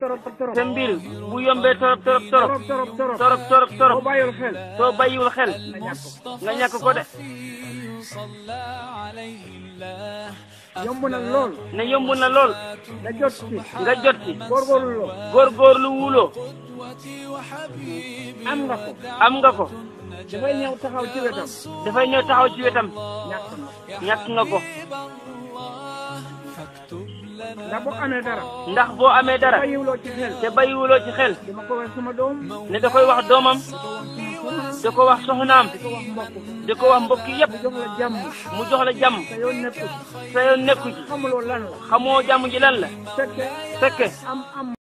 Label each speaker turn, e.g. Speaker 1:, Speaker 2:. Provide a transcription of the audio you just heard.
Speaker 1: torop torop te mbir bu yombee torop torop torop torop torop torop soo bàyyiwul xel nga ñàkk ko de yomb na lool ne yomb na lool nga jot ci nga jot ci góorgóorlu loo góorgóorlu wuloo am nga ko am nga ko dafay ñëw taxaw ci wetam dafay ñëw taxaw ci wetam
Speaker 2: ñàkk nga ko ndax boo amee dara.
Speaker 1: ndax boo amee dara. te bàyyiwuloo ci xel. te bàyyiwuloo ci xel. dama ko wax sama doom. ne da koy wax doomam. da ko wax soxnaam. da ko wax mbokk yëpp. mu jox la jàmm. mu jox la jàmm. sa yoon nekku ci. xamuloo lan la. xamoo jàmm ji la.
Speaker 2: fekke.